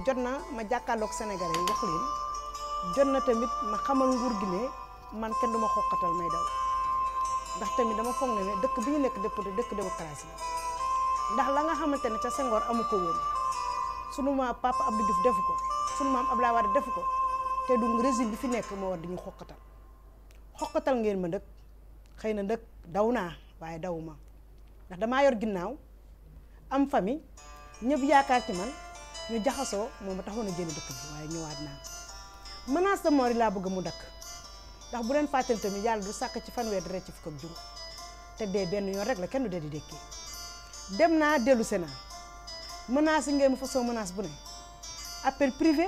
jot na ma jàkkaarloog Sénégalais yi wax leen jot na tamit ma xamal nguur gi ne man kenn du ma xoqatal may daw ndax tamit dama foog ne ne dëkk bi ñu nekk dëpp dëkk démocratie ndax la nga xamante ne ca Senghor amu ko woon sunu ma papa Abdou Diouf defu ko sunu maam Abdoulaye Wade defu ko te du régime bi fi nekk moo war di ñu xoqatal xoqatal ngeen ma ndëkk xëy na ndëkk daw naa waaye dawuma ndax damaa yor ginnaaw am famille ñëpp yaakaar ci man. ñu jaxasoo moom ma taxoon a génn dëkk bi waaye ñëwaat naa menace de mort yi laa bëgg mu dakk ndax bu leen fàttali mu yàlla du sàkk ci fanweer dara ci fukk ak juróom te dee benn yoon rek la kenn du dee di dékki dem naa dellu Sénat menace yi ngay ma façon menace bu ne appel privé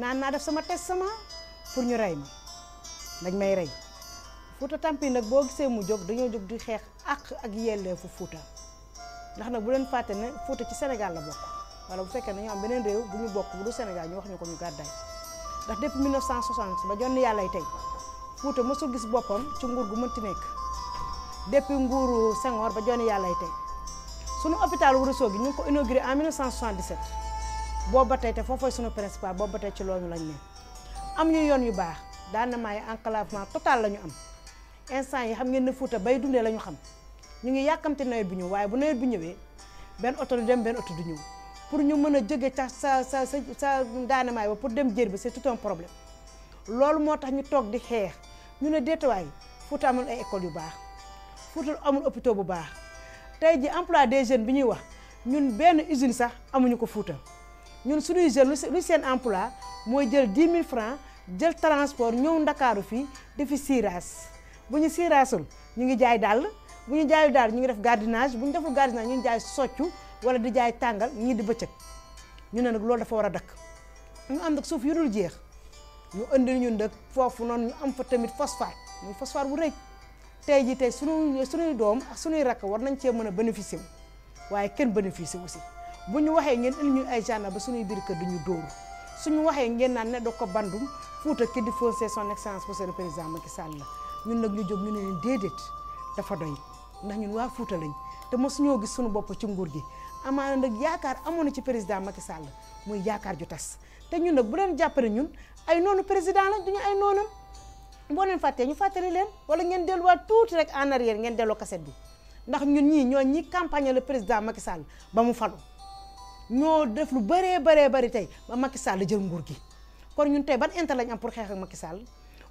naan naa def sama tes testament pour ñu rey ma dañ may rey Fouta Tampi nag boo gisee mu jóg dañoo jóg di xeex àq ak fu Fouta ndax nag bu leen fàtte ne Fouta ci Sénégal la wala bu fekkee dañu am beneen réew bu ñu bokk bu du Sénégal ñu wax ñu ko ñu gàddaay ndax depuis 1960 ba jonn yàllay tey Fuuta mësul gis boppam ci nguur gu mënti nekk depuis nguur Senghor ba jonn yàllay tey sunu hôpital Ouro Sogui ñu ngi ko inauguré en 1977 boobu ba tey te foofu sunu principal boobu ba tey ci loolu lañ ne am ñu yoon yu baax daanamaay enclavement total la ñu am instant yi xam ngeen ne Fuuta bay dundee la ñu xam ñu ngi yàkkamte nawet bi ñëw waaye bu nawet bi ñëwee benn oto du benn oto du pour ñu mën a jóge ca sa sa sa sa daanamaay ba pour dem jër bi c'est tout un problème loolu moo tax ñu toog di xeex ñu ne déetawaay Fouta amul ay école yu baax Fouta amul hôpital bu baax tey ji emploi des jeunes bi ñuy wax ñun benn usine sax amuñu ko Fouta ñun suñuy jeunes lu seen emploi mooy jël 10 000 francs jël transport ñëw ndakaaru fii defi siiraas bu ñu siiraasul ñu ngi jaay dàll bu ñu jaayu daal ñu ngi def gardiennage bu ñu deful gardiennage ñu ngi jaay soccu wala di jaay tàngal ñii di bëccëg ñu ne nag loolu dafa war a dakk ñu am nag suuf yu dul jeex ñu indi ñun nag foofu noonu ñu am fa tamit phosphate muy phosphate bu rëy tey jii tey sunu sunuy doom ak sunuy rakk war nañ cee mën a bénéficier wu waaye kenn bénéficier aussi bu ñu waxee ngeen indi ñu ay gendarme ba sunuy biir kër duñu dóoru suñu waxee ngeen naan ne da ko bandum fuuta ki di foncer son excellence monsieur le président Macky Sall la ñun nag ñu jóg ñu ne leen déedéet dafa doy ndax ñun waa fuuta lañ te mosuñoo gis suñu bopp ci nguur gi amaana nag yaakaar amoon ci président Macky Sall muy yaakaar ju tas te ñun nag bu leen jàppale ñun ay noonu président la ñu ay noonam boo leen fàttee ñu fàttali leen wala ngeen delluwaat tuuti rek en arrière ngeen delloo cassette bi ndax ñun ñii ñoo ñi campagne le président Macky Sall ba mu fal ñoo def lu bëree bëree bari tey ba Macky Sall jël nguur gi kon ñun tey ban intérêt lañ am pour xeex ak Macky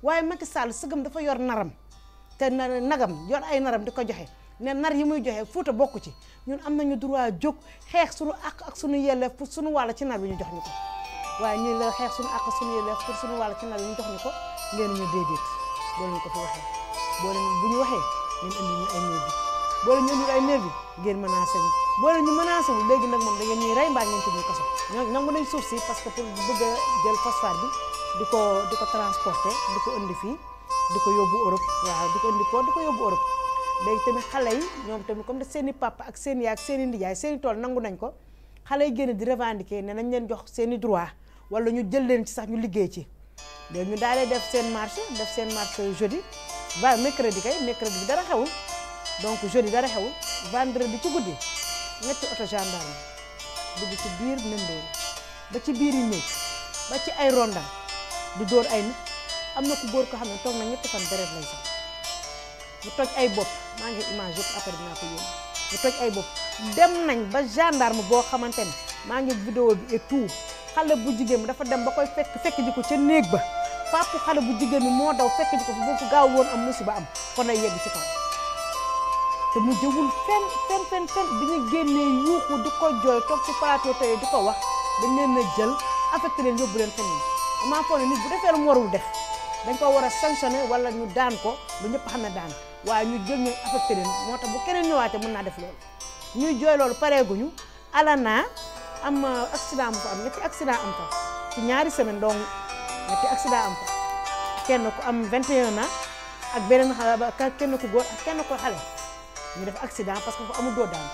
waaye Macky Sall sëgam dafa yor naram te nar nagam yor ay naram di ko joxe ne nar yi muy joxe fuuta bokku ci ñun am nañu droit jóg xeex suñu àq ak suñu yelleef pour suñu wàll ci nar bi ñu jox ñu ko waaye ñuy la xeex suñu àq suñu yelleef pour suñu wàll ci nar bi ñu jox ñu ko ngeen ñu déedéet boo leen ko fi waxee boo leen bu ñu waxee ngeen indi ñu ay nervi boo leen ñu indi ay nervi ngeen menacé ñu boo leen ñu menacé wu léegi nag moom da ngeen ñuy rey mbaa ngeen tëj ñu kaso ñoo nangu nañ suuf si parce que pour bëgg a jël phosphate bi di ko di ko transporter di ko indi fii di ko yóbbu Europe waaw di ko indi port di ko yóbbu Europe léegi tamit xale yi ñoom tamit comme de seen i papa ak seen i yaay ak seen i nijaay seen i tool nangu nañ ko xale yi génn di revendiquer ne nañ leen jox seeni i droit wala ñu jël leen ci sax ñu liggéey ci léegi ñu daale def seen marché def seen marché jeudi va mercredi kay mercredi bi dara xewul donc jeudi dara xewul vendredi ci guddi ñetti oto gendarme dugg ci biir Mbendoo ba ci biir yi néeg ba ci ay rondal du dóor ay am na ku góor ko xam ne toog na ñetti fan deret lay sax ñu ay bopp maa ngi image yëpp après dinaa ko yónni ñu toj ay bopp dem nañ ba gendarme boo xamante ne maa ngi vidéo bi et tout xale bu jigéen bi dafa dem ba koy fekk fekk ji ko ca néeg ba papu xale bu jigéen bi moo daw fekk ji ko bu ko gaaw woon am musiba am kon ay yegg ci kaw te mu jëwul fenn fenn fenn fenn bi ñu génnee ko toog ci plateau tey di ko wax dañ leen na jël affecté leen yóbbu leen fenn maa foog ne nit bu defee mu def dañ koo war a sanctionné wala ñu daan ko ba ñëpp xam ne daan waaye ñu jël ñu affecté leen moo tax bu keneen ñëwaatee mën naa def loolu ñuy jooy loolu pareeguñu alana am accident bu fa am ñetti accident am fa ci ñaari semaine donc accident am fa kenn ku am 21 na ak beneen xale kenn ku góor kenn ku xale ñu def accident parce que fa amul doo daan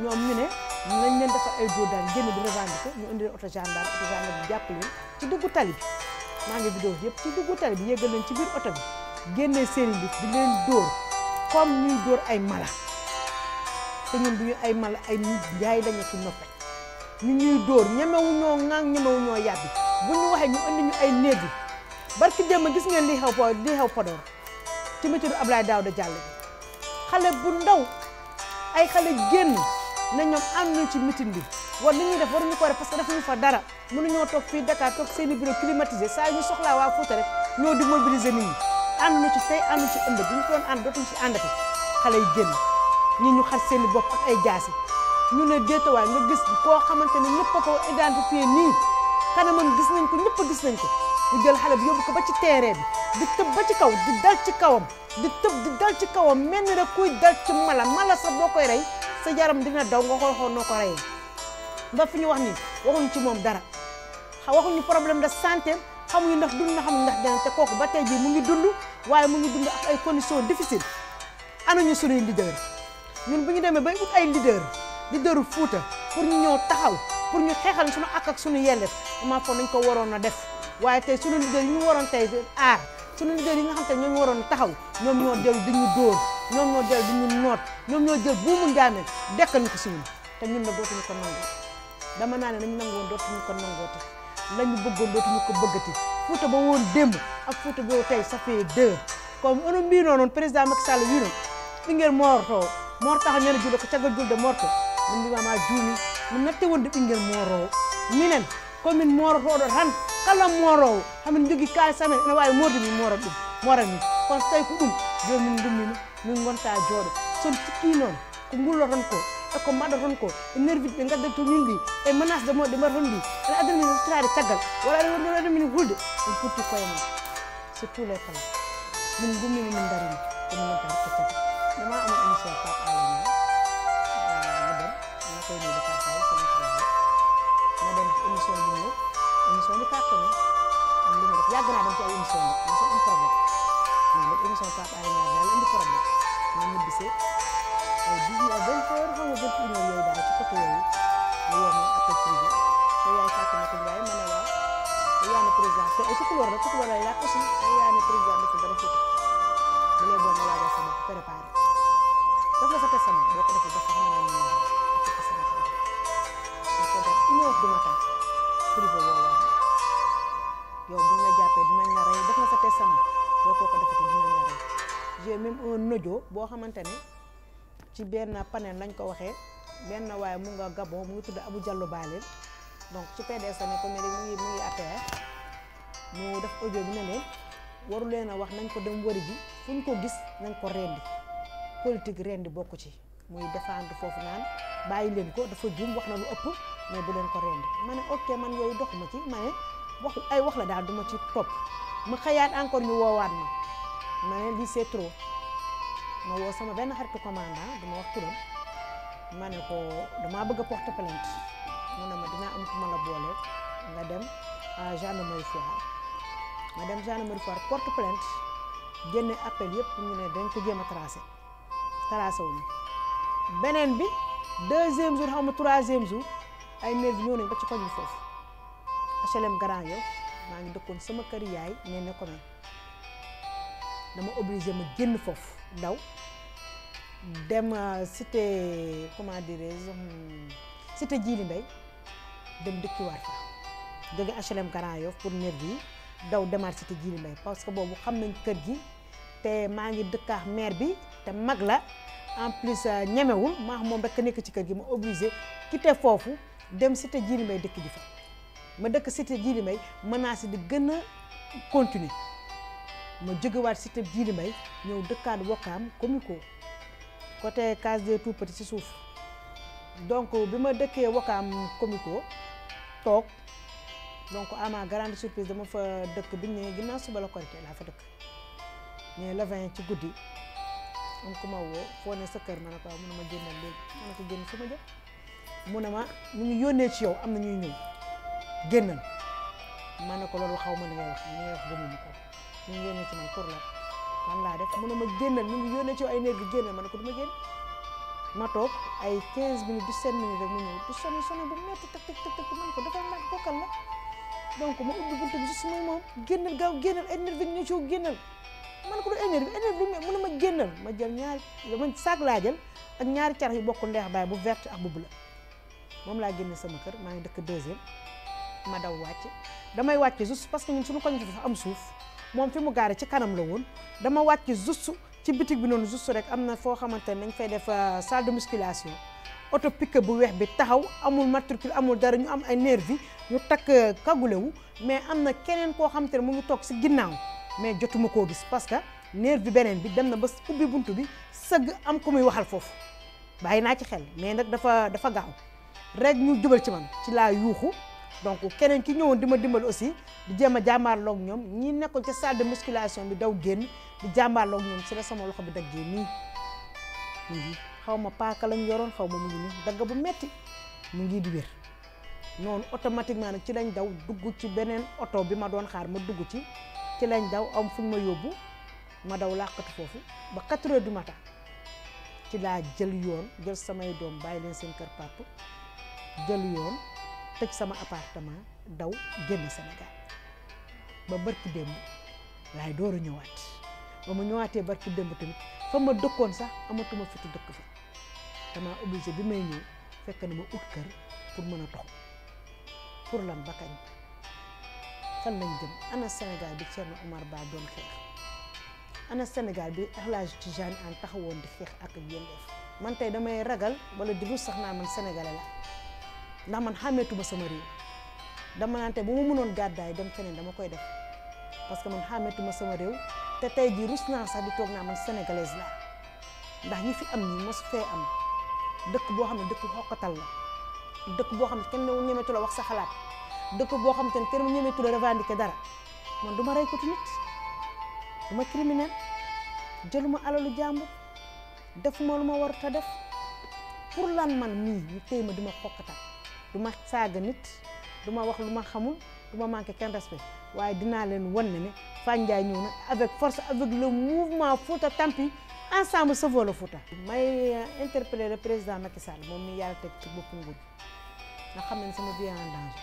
ñoom ñu ne nañ leen defar ay doo daan génn di revendiquer ñu indi oto gendarme oto gendarme jàpp leen ci dugg tali maa ngi vidéo yëpp ci duggu tali bi yëgal nañ ci biir oto bi génnee sëriñ bi di leen dóor comme ñuy dóor ay mala te ñun duñu ay mala ay njaay lañu ci noppi ñu ñuy dóor ñemewu ñoo ŋaang ñemewu ñoo bu ñu waxee ñu indi ñu ay néeg yi barki démb gis ngeen li xew po li xew Podor ci métier Ablaye Daouda Diallo bi xale bu ndaw ay xale génn na ñoom am nañ ci mitin bi war li ñu def waruñu ko def parce que defuñu fa dara mënuñoo toog fii Dakar toog seen i bureau climatisé saa yu ñu soxlaa waa Fouta rek ñoo di mobiliser nit ñi ànd na ci tey ànd ci ñu ci àndati xale yi génn ñi ñu xar seeni bokk bopp ak ay jaasi ñu ne déetawaay nga gis koo xamante ne ñëpp a ko identifié nii kanamam gis nañ ko ñëpp gis nañ ko ñu jël xale bi yóbbu ko ba ci teeree bi di tëb ba ci kaw di dal ci kawam di tëb di dal ci kawam mel ni rek kuy dal ci mala mala sax boo koy rey sa yaram dina daw nga xool xool ba fi ñu wax nii waxuñu ci moom dara waxuñu problème de xam ñu ndax dund na xam ndax dana te kooku ba tey jii mu ngi dund waaye mu ngi dund ay conditions difficiles anañu sunuy leader ñun bu ñu demee bay ut ay leader leaderu Fuuta pour ñu ñëw taxaw pour ñu xeexal sunu ak ak sunu yelleef amaa foog nañ ko waroon a def waaye tey sunu leader ñu waroon tey aar sunu leader yi ñu waroon taxaw ñoom ñoo dellu di ñu dóor ñoom ñoo dellu di ñu noot ñoom ñoo jël bu mu njaamee dekkal ñu ko suñu te ñun na dootuñu ko nangu dama naa ne nañ nangoon dootuñu ko nangooti lañu bëggoon dootuñu ko bëggati fuuta ba woon démb ak fuuta ba tey ça fait deux comme ono mbino noon président Macky Sall wino ɓinguel morotowo mortaka ñana juulo ko caggal julde morto min mbimama juumi kan mi natti wonde ɓinguel morowo minen komin morotoɗo tan kala morowo hamin jogui kalis amen ene wawi morde min morat ɗum morat min kono so tawi ko ɗum joni min dummima min gonta jooɗo son cikki noon ko gulloton ko e ko mbaɗat ronko e nervide ɓe gaddat to min ɗi e menace de moɗe mbaɗat hon ɗi ene addana min hutirade caggal wala ene wonɗon addana min hulde ɗum ama émission pa alama madame ana koye ni sama travail madame émission ɗi mo émission ɗi partene am ɗum def yaggana ɗum ci ay émission ɗi émission ɗum probléme mais émission pa alama dal andi ini ma 19 20 heures xaw ma 21 heures yooyu daal ci côté yooyu mu woo ma appel privé te yaay Fatimata Ndiaye ma ne waaw yaa ne président te ay tukulóor la tukulóor lay laaj aussi yaa ne président dafa dara fi bu lay boo ma laajal sama ko préparé daf la fa teg sama boo ko defee ba sax ma ne ñu ci sama ko ko def une heure du matin privé woowaa yow buñ la jàppee dinañ la rey daf la fa teg sama boo ko ko defee dinañ la rey j'ai même un audio boo xamante ne ci benn panel lañ ko waxee benn waaye mu nga Gabon mu ngi tudd Abou Diallo Balil donc su PDS la nekk mais mu ngi mu ngi APR mu def audio bi ne leen waru a wax nañ ko dem wari ji fu ñu ko gis nañ ko rendi politique rendi bokk ci muy défendre foofu naan bàyyi leen ko dafa juum wax na lu ëpp mais bu leen ko rendi ma ne ok man yooyu dox ma ci ma ne wax ay wax la daal duma ci topp ma xëyaat encore mi woowaat ma ma ne lii c'est trop ma woo sama benn xaritu commandant dama wax turam ma ne ko damaa bëgg a porter plainte mu ne ma dinaa am ku ma la boole nga dem gendarmerie Foire nga dem gendarmerie Foire porte plainte génne appel yëpp ñu ne dañ ko jéem a tracé tracé beneen bi deuxième jour xaw ma troisième jour ay nervi ñëw nañ ci koñ foofu HLM Grand maa ngi dëkkoon sama kër yaay ne nekkoon dama obligé ma génn foofu. ndaw dem euh, cité comment dirais-je cité Djily Mbaye dem dëkkiwaat fa jóge HLM Grand Yoff pour nervi yi daw demaat cité Djily Mbaye parce que boobu xam nañ kër gi te maa ngi dëkkaax maire bi te mag la en plus euh, ñemewul maa xam moom rekk nekk ci kër gi ma obligé quitter foofu dem cité Djily Mbaye dëkk ji fa ma dëkk cité Djily Mbaye si di gën a continuer ma jógewaat cité Djily Mbaye ñëw dëkkaat Wokam Comico côté case des tout petits ci suuf donc bi ma dëkkee Wokam Comico toog donc am ma grande surprise dama fa dëkk bi ñu ne ginnaaw suba la Korité laa fa dëkk mais le vingt ci guddi am ku ma woo foo ne sa kër ma ne ko mu ne ma génnal léegi ma ne ko génn fu ma jëm mu ne ma ñu yónnee ci yow am na ñuy ñëw génnal ma ne ko loolu xaw ma ne ngay wax ni ngay wax ko ñu ngi yónnee ci man pour la man laa def mu ma génnal ñu ngi ci ay néeg bi génnal ma ko du ma génn ma toog ay 15 minutes 17 minutes rek mu ñëw du sonné sonné bu metti tëk tëk tëk tëk man ko defal nag bokkal la donc ma ubbi buntu bi juste muy moom génnal gaaw génnal énervé ñu ci génnal man ko du énervé énervé mu ne ma génnal ma jël ñaari ma saag laa jël ak ñaari carax yu bokk ndeex baay bu verte ak bu bleu moom laa génne sama kër maa ngi dëkk deuxième ma daw wàcc damay wàcc juste parce que ñun suñu koñ bi dafa am suuf moom fi mu gaare ci kanam la woon dama wàcc juste ci bitig bi noonu juste rek am na foo xamante ne dañ fay def euh, salle de musculation auto pick-up bu weex bi taxaw amul matricule amul dara ñu am ay nervi ñu takk kagulewu euh, mais am na keneen koo xamante ne mu ngi toog si ginnaaw mais jotuma koo gis parce que nervi beneen bi dem na ba ubbi bunt bi sëgg am ko muy waxal foofu bàyyi naa ci xel mais nag dafa dafa gaaw rek ñu jubal ci man ci laa yuuxu donc keneen ki ñëwoon di ma dimbal aussi di jéem a jàmmaarloog ñoom ñi nekkoon ca salle de musculation bi daw génn di jàmmaarloog ñoom si la sama loxo bi daggee nii mhm. xaw ma paaka lañ yoroon xaw mu ngi nii dagg bu metti mu ngi di wér non automatiquement nag ci lañ daw dugg ci beneen oto bi ma doon xaar ma dugg ci ci lañ daw am fuñ ma yóbbu ma daw làqatu foofu ba 4 heures du matin ci laa jël yoon jël samay doom bàyyi leen seen kër papa jël yoon tëj sama appartement daw génn Sénégal ba barki démb laay door a ñëwaat ba mu ñëwaatee barki démb tamit fa ma dëkkoon sax amatuma fitu dëkk fi dama obligé bi may ñëw fekk na ma ut kër pour mën a pour lan ba kañ fan lañ jëm ana Sénégal bi Thierno Omar Ba doon xeex ana Sénégal bi El ci Tijani Anne taxawoon di xeex ak yéen def man tey damay ragal walla di sax naa man sénégalais la ndax man xàmmeetuma sama réew dama naante bu ma mënoon gàddaay dem feneen dama koy def parce que man xàmmeetuma sama réew sax di toog naa man sénégalaise laa ndax fi am ñi mosu fee am dëkk boo xam ne dëkk xoqatal la dëkk boo xam ne kenn newu ñemetu la wax sa xalaat dëkk boo xam te ne kenn ñemetu revendiquer dara man duma rey kotu nit duma criminel jëluma alalu def pour lan man mii ñu téy ma dima du ma saaga nit du ma wax lu ma xamul du ma manqué kenn respect waaye dinaa leen wan ne ne Fane Ndiaye ñëw na avec force avec le mouvement Fouta Tampi ensemble Sauvons le Fouta. may euh, interpeller le président Macky Sall moom mi yàlla teg ci bopp nguur nga xam ne sama vie en danger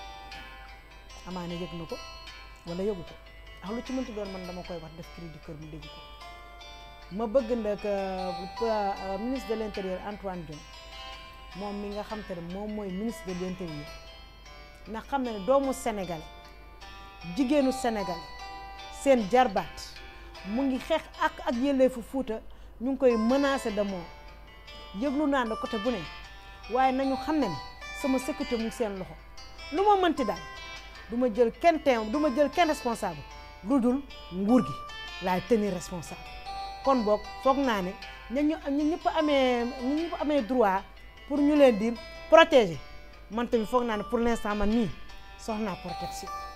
amaana yëg na ko wala yëgu ko lu ci mënti doon man dama koy wax def cri du kër mu dégg ma bëgg nag euh, euh, ministre de l' Antoine Diome. moom mi nga xam te ne moom mooy ministre de l'intérieur ndax xam na ne doomu senegal jigéenu senegal seen jarbaat mu ngi xeex ak ak yelleefu Fuuta ñu ngi koy menacer de mort yëglu naa ne côté bu ne waaye nañu xam ne sama sécurité mu seen loxo lu ma mënti daal du ma jël kenn teew du ma jël kenn responsable lu dul nguur gi laay tenir responsable kon boog foog naa ne ña ñu ñi ñëpp amee ñi ñëpp amee droit. pour ñu leen di protéger man tamit foog naa ne pour l'instant man nii soxla naa protection